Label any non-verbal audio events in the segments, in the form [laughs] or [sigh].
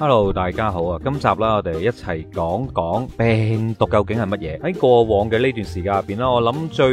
Hello，大家好啊！今集啦，我哋一齊講講病毒究竟係乜嘢？喺過往嘅呢段時間入邊啦，我諗最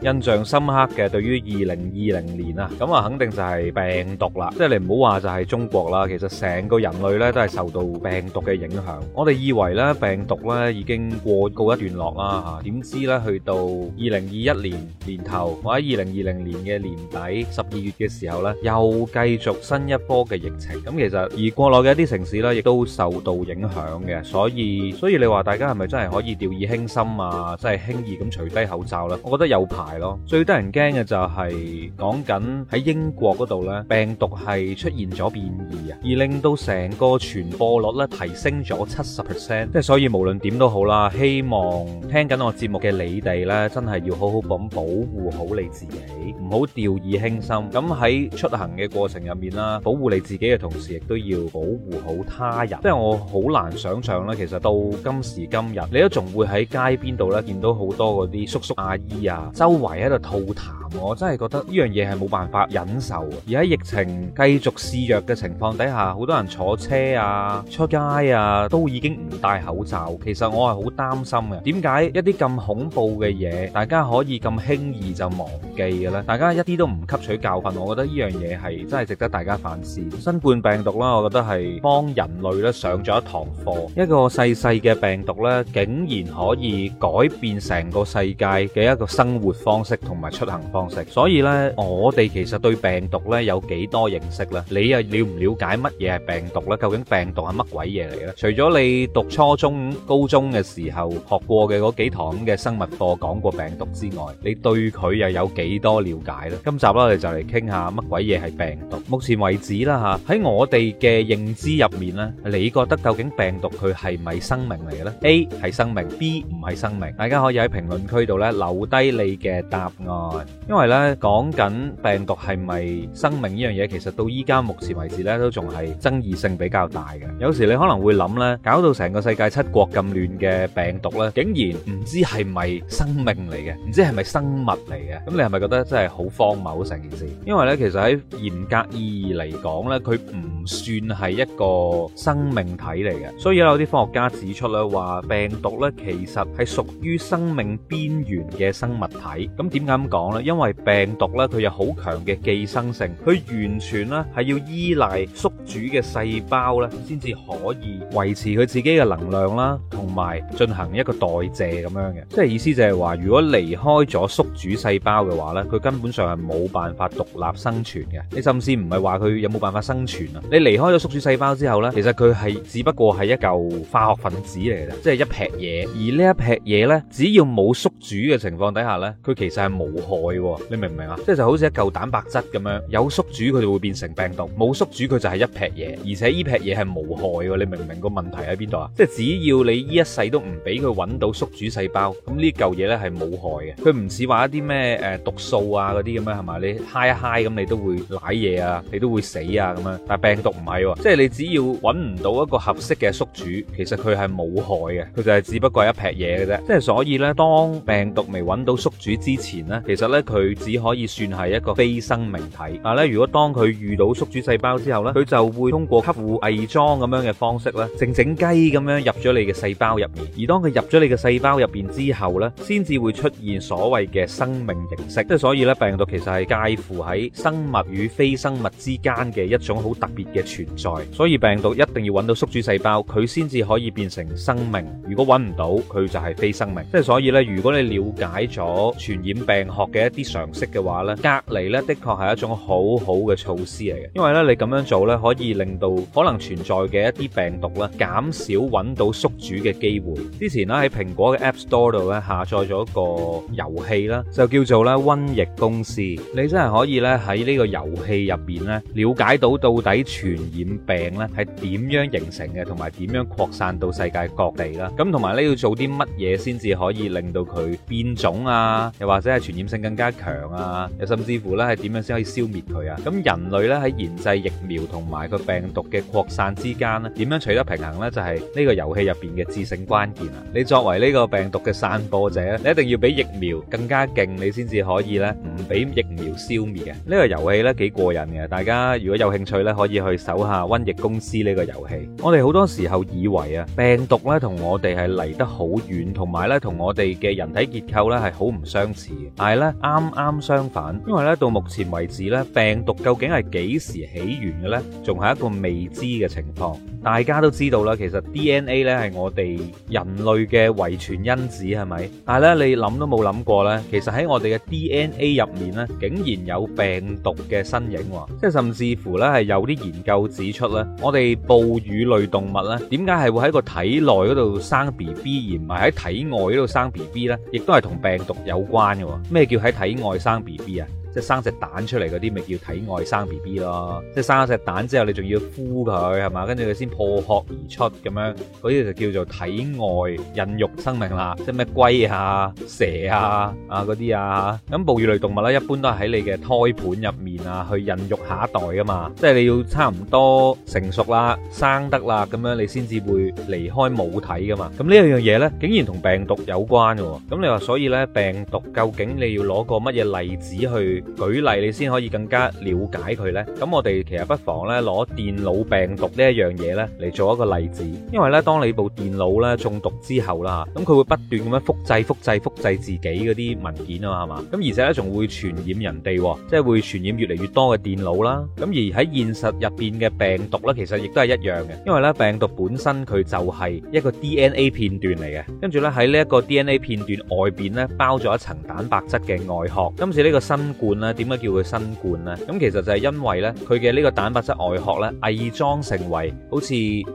印象深刻嘅，對於二零二零年啊，咁啊肯定就係病毒啦。即係你唔好話就係中國啦，其實成個人類咧都係受到病毒嘅影響。我哋以為咧病毒咧已經過告一段落啦，吓點知咧去到二零二一年年頭，或者二零二零年嘅年底十二月嘅時候咧，又繼續新一波嘅疫情。咁其實而國內嘅一啲城市咧。亦都受到影響嘅，所以所以你話大家係咪真係可以掉以輕心啊？真係輕易咁除低口罩呢？我覺得有排咯。最得人驚嘅就係講緊喺英國嗰度咧，病毒係出現咗變異啊，而令到成個傳播率咧提升咗七十 percent。即係所以無論點都好啦，希望聽緊我節目嘅你哋咧，真係要好好咁保護好你自己，唔好掉以輕心。咁喺出行嘅過程入面啦，保護你自己嘅同時，亦都要保護好。他人，即係我好難想象咧。其實到今時今日，你都仲會喺街邊度咧見到好多嗰啲叔叔阿姨啊，周圍喺度吐痰。我真係覺得呢樣嘢係冇辦法忍受。而喺疫情繼續肆虐嘅情況底下，好多人坐車啊、出街啊，都已經唔戴口罩。其實我係好擔心嘅。點解一啲咁恐怖嘅嘢，大家可以咁輕易就忘記嘅咧？大家一啲都唔吸取教訓，我覺得呢樣嘢係真係值得大家反思。新冠病毒啦、啊，我覺得係幫人人類咧上咗一堂課，一個細細嘅病毒咧，竟然可以改變成個世界嘅一個生活方式同埋出行方式。所以咧，我哋其實對病毒咧有幾多認識咧？你又了唔了解乜嘢係病毒咧？究竟病毒係乜鬼嘢嚟咧？除咗你讀初中、高中嘅時候學過嘅嗰幾堂嘅生物課講過病毒之外，你對佢又有幾多了解咧？今集啦，我哋就嚟傾下乜鬼嘢係病毒。目前為止啦吓，喺我哋嘅認知入面。你覺得究竟病毒佢係咪生命嚟嘅呢？A 係生命，B 唔係生命。大家可以喺評論區度呢留低你嘅答案，因為呢講緊病毒係咪生命呢樣嘢，其實到依家目前為止呢都仲係爭議性比較大嘅。有時你可能會諗呢，搞到成個世界七國咁亂嘅病毒呢，竟然唔知係咪生命嚟嘅，唔知係咪生物嚟嘅，咁你係咪覺得真係好荒謬成件事？因為呢，其實喺嚴格意義嚟講呢，佢唔算係一個。生命體嚟嘅，所以有啲科學家指出咧，話病毒咧其實係屬於生命邊緣嘅生物體。咁點解咁講呢？因為病毒咧，佢有好強嘅寄生性，佢完全咧係要依賴宿主嘅細胞咧，先至可以維持佢自己嘅能量啦，同埋進行一個代謝咁樣嘅。即係意思就係話，如果離開咗宿主細胞嘅話咧，佢根本上係冇辦法獨立生存嘅。你甚至唔係話佢有冇辦法生存啊，你離開咗宿主細胞之後咧？其實佢係只不過係一嚿化學分子嚟嘅，即係一撇嘢。而呢一撇嘢咧，只要冇宿主嘅情況底下咧，佢其實係無害。你明唔明啊？即係就好似一嚿蛋白質咁樣，有宿主佢就會變成病毒，冇宿主佢就係一撇嘢，而且呢撇嘢係無害。你明唔明個問題喺邊度啊？即係只要你呢一世都唔俾佢搵到宿主細胞，咁呢嚿嘢咧係冇害嘅。佢唔似話一啲咩誒毒素啊嗰啲咁樣係咪？你嗨一嗨咁你都會舐嘢啊，你都會死啊咁樣。但係病毒唔係喎，即係你只要。揾唔到一個合適嘅宿主，其實佢係冇害嘅，佢就係只不過係一撇嘢嘅啫。即係所以咧，當病毒未揾到宿主之前咧，其實咧佢只可以算係一個非生命體。但、啊、咧，如果當佢遇到宿主細胞之後咧，佢就會通過吸附偽裝咁樣嘅方式咧，靜靜雞咁樣入咗你嘅細胞入面。而當佢入咗你嘅細胞入邊之後咧，先至會出現所謂嘅生命形式。即係所以咧，病毒其實係介乎喺生物與非生物之間嘅一種好特別嘅存在。所以病毒。一定要揾到宿主細胞，佢先至可以變成生命。如果揾唔到，佢就係非生命。即係所以咧，如果你了解咗傳染病學嘅一啲常識嘅話咧，隔離咧的確係一種好好嘅措施嚟嘅。因為咧你咁樣做咧，可以令到可能存在嘅一啲病毒咧，減少揾到宿主嘅機會。之前咧喺蘋果嘅 App Store 度咧下載咗一個遊戲啦，就叫做咧瘟疫公司。你真係可以咧喺呢個遊戲入邊咧了解到到底傳染病咧係。點樣形成嘅，同埋點樣擴散到世界各地啦？咁同埋咧，要做啲乜嘢先至可以令到佢變種啊？又或者係傳染性更加強啊？又甚至乎呢係點樣先可以消滅佢啊？咁人類呢喺研製疫苗同埋佢病毒嘅擴散之間呢，點樣取得平衡呢？就係、是、呢個遊戲入邊嘅至勝關鍵啊！你作為呢個病毒嘅散播者，你一定要比疫苗更加勁，你先至可以呢唔俾疫苗消滅嘅。呢、這個遊戲呢幾過癮嘅，大家如果有興趣呢，可以去搜下瘟疫公司呢個遊戲，我哋好多時候以為啊，病毒呢同我哋係離得好遠，同埋呢同我哋嘅人體結構呢係好唔相似嘅。但係呢，啱啱相反，因為呢到目前為止呢，病毒究竟係幾時起源嘅呢？仲係一個未知嘅情況。大家都知道啦，其實 DNA 咧係我哋人類嘅遺傳因子係咪？但係咧，你諗都冇諗過咧，其實喺我哋嘅 DNA 入面咧，竟然有病毒嘅身影喎！即係甚至乎咧係有啲研究指出咧，我哋哺乳類動物咧點解係會喺個體內嗰度生 BB，而唔係喺體外嗰度生 BB 咧？亦都係同病毒有關嘅。咩叫喺體外生 BB 啊？生隻蛋出嚟嗰啲，咪叫體外生 B B 咯。即係生咗隻蛋之後，你仲要孵佢，係嘛？跟住佢先破殼而出咁樣，嗰啲就叫做體外孕育生命啦。即係咩龜啊、蛇啊、啊嗰啲啊。咁哺乳類動物咧，一般都係喺你嘅胎盤入面啊，去孕育下一代噶嘛。即係你要差唔多成熟啦、生得啦，咁樣你先至會離開母體噶嘛。咁呢樣嘢呢，竟然同病毒有關嘅。咁你話所以呢，病毒究竟你要攞個乜嘢例子去？舉例，你先可以更加了解佢呢。咁我哋其實不妨呢攞電腦病毒呢一樣嘢呢嚟做一個例子，因為呢當你部電腦呢中毒之後啦，咁佢會不斷咁樣複製、複製、複製自己嗰啲文件啊嘛，係嘛？咁而且呢仲會傳染人哋，即係會傳染越嚟越多嘅電腦啦。咁而喺現實入邊嘅病毒呢，其實亦都係一樣嘅，因為呢病毒本身佢就係一個 DNA 片段嚟嘅，跟住呢，喺呢一個 DNA 片段外邊呢，包咗一層蛋白質嘅外殼。今次呢個新冠冠啦，點解叫佢新冠咧？咁其實就係因為咧，佢嘅呢個蛋白質外殼咧，偽裝成為好似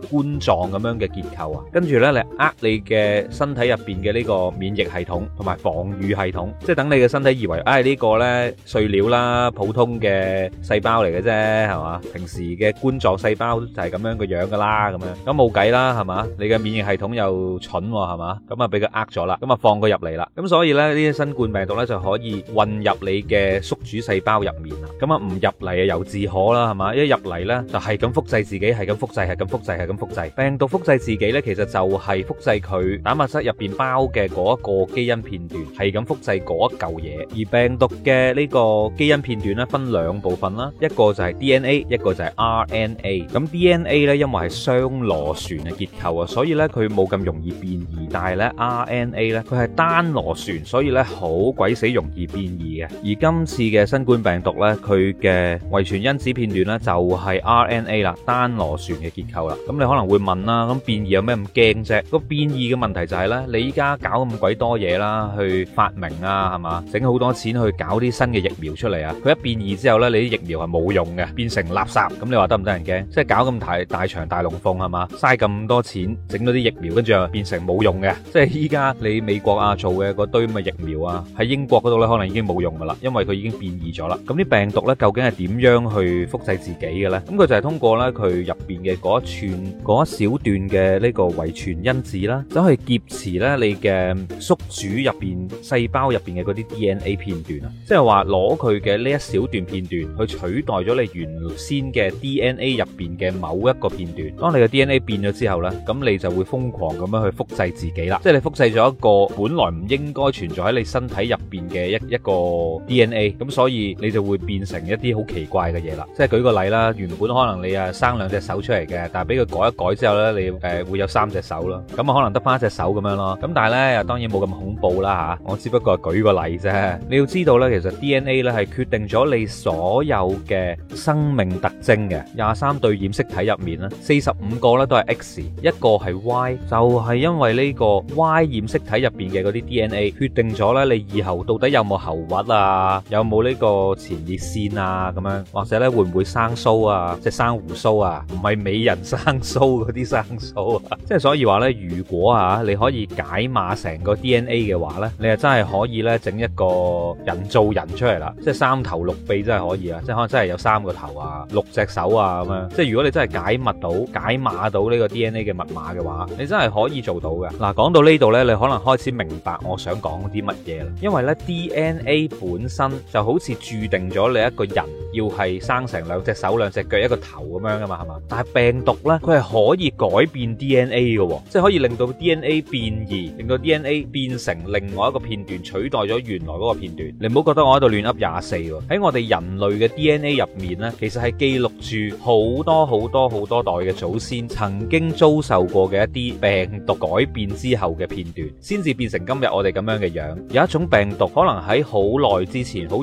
冠狀咁樣嘅結構啊，跟住咧你呃你嘅身體入邊嘅呢個免疫系統同埋防禦系統，即係等你嘅身體以為，哎呢個咧碎料啦，普通嘅細胞嚟嘅啫，係嘛？平時嘅冠狀細胞就係咁樣嘅樣噶啦，咁樣咁冇計啦，係嘛？你嘅免疫系統又蠢喎，係嘛？咁啊俾佢呃咗啦，咁啊放佢入嚟啦，咁所以咧呢啲新冠病毒咧就可以混入你嘅宿主細胞入面啊，咁啊唔入嚟啊猶自可啦，係嘛？一入嚟咧就係咁複製自己，係咁複製，係咁複製，係咁複製。病毒複製自己咧，其實就係複製佢蛋白質入邊包嘅嗰一個基因片段，係咁複製嗰一嚿嘢。而病毒嘅呢個基因片段咧分兩部分啦，一個就係 DNA，一個就係 RNA。咁 DNA 咧因為係雙螺旋嘅結構啊，所以咧佢冇咁容易變異，但係咧 RNA 咧佢係單螺旋，所以咧好鬼死容易變異嘅。而今嘅新冠病毒咧，佢嘅遺傳因子片段咧就係 RNA 啦，單螺旋嘅結構啦。咁你可能會問啦，咁變異有咩咁驚啫？個變異嘅問題就係咧，你依家搞咁鬼多嘢啦，去發明啊，係嘛，整好多錢去搞啲新嘅疫苗出嚟啊。佢一變異之後咧，你啲疫苗係冇用嘅，變成垃圾。咁你話得唔得人驚？即係搞咁大大場大龍鳳係嘛，嘥咁多錢整咗啲疫苗，跟住變成冇用嘅。即係依家你美國啊做嘅嗰堆咁嘅疫苗啊，喺英國嗰度咧可能已經冇用噶啦，因為佢已經變異咗啦，咁啲病毒咧究竟係點樣去複製自己嘅呢？咁佢就係通過咧佢入邊嘅嗰一串嗰一小段嘅呢個遺傳因子啦，走去劫持咧你嘅宿主入邊細胞入邊嘅嗰啲 DNA 片段啊，即係話攞佢嘅呢一小段片段去取代咗你原先嘅 DNA 入邊嘅某一個片段。當你嘅 DNA 變咗之後呢，咁你就會瘋狂咁樣去複製自己啦，即係你複製咗一個本來唔應該存在喺你身體入邊嘅一一個 DNA。咁所以你就會變成一啲好奇怪嘅嘢啦，即係舉個例啦，原本可能你啊生兩隻手出嚟嘅，但係俾佢改一改之後咧，你誒會有三隻手咯，咁啊可能得翻一隻手咁樣咯，咁但係咧，當然冇咁恐怖啦吓，我只不過舉個例啫。你要知道咧，其實 DNA 咧係決定咗你所有嘅生命特徵嘅，廿三對染色體入面咧，四十五個咧都係 X，一個係 Y，就係因為呢個 Y 染色體入邊嘅嗰啲 DNA 決定咗咧你以後到底有冇喉核啊，有。有冇呢個前列腺啊？咁樣或者呢會唔會生須啊？即係生鬍鬚啊？唔係美人生須嗰啲生須啊？即 [laughs] 係所以話呢，如果啊你可以解碼成個 DNA 嘅話呢，你係真係可以呢整一個人造人出嚟啦！即係三頭六臂真係可以啊！即係可能真係有三個頭啊，六隻手啊咁樣。即係如果你真係解密到解碼到呢個 DNA 嘅密碼嘅話，你真係可以做到嘅。嗱、啊，講到呢度呢，你可能開始明白我想講啲乜嘢啦。因為呢 DNA 本身，就好似注定咗你一個人要係生成兩隻手、兩隻腳、一個頭咁樣噶嘛，係嘛？但係病毒呢，佢係可以改變 DNA 嘅喎，即係可以令到 DNA 變異，令到 DNA 變成另外一個片段取代咗原來嗰個片段。你唔好覺得我喺度亂噏廿四喎。喺我哋人類嘅 DNA 入面呢，其實係記錄住好多好多好多多代嘅祖先曾經遭受過嘅一啲病毒改變之後嘅片段，先至變成今日我哋咁樣嘅樣。有一種病毒可能喺好耐之前好。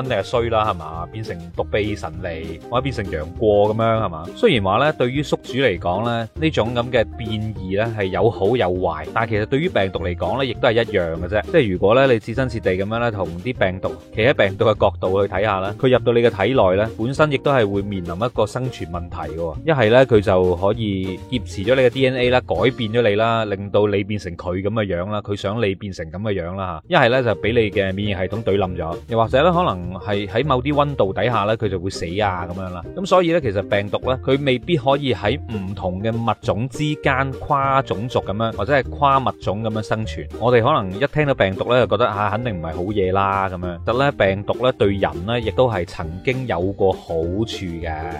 肯定係衰啦，係嘛？變成獨臂神尼，或者變成楊過咁樣，係嘛？雖然話咧，對於宿主嚟講咧，呢種咁嘅變異咧係有好有壞，但係其實對於病毒嚟講咧，亦都係一樣嘅啫。即係如果咧，你置身事地咁樣咧，同啲病毒，企喺病毒嘅角度去睇下啦，佢入到你嘅體內咧，本身亦都係會面臨一個生存問題嘅。一係咧，佢就可以劫持咗你嘅 DNA 啦，改變咗你啦，令到你變成佢咁嘅樣啦，佢想你變成咁嘅樣啦吓。一係咧，就俾你嘅免疫系統懟冧咗，又或者咧，可能。係喺某啲溫度底下咧，佢就會死啊咁樣啦。咁所以呢，其實病毒呢，佢未必可以喺唔同嘅物種之間跨種族咁樣，或者係跨物種咁樣生存。我哋可能一聽到病毒呢，就覺得吓，啊，肯定唔係好嘢啦咁樣。其實咧，病毒呢，對人呢，亦都係曾經有過好處嘅。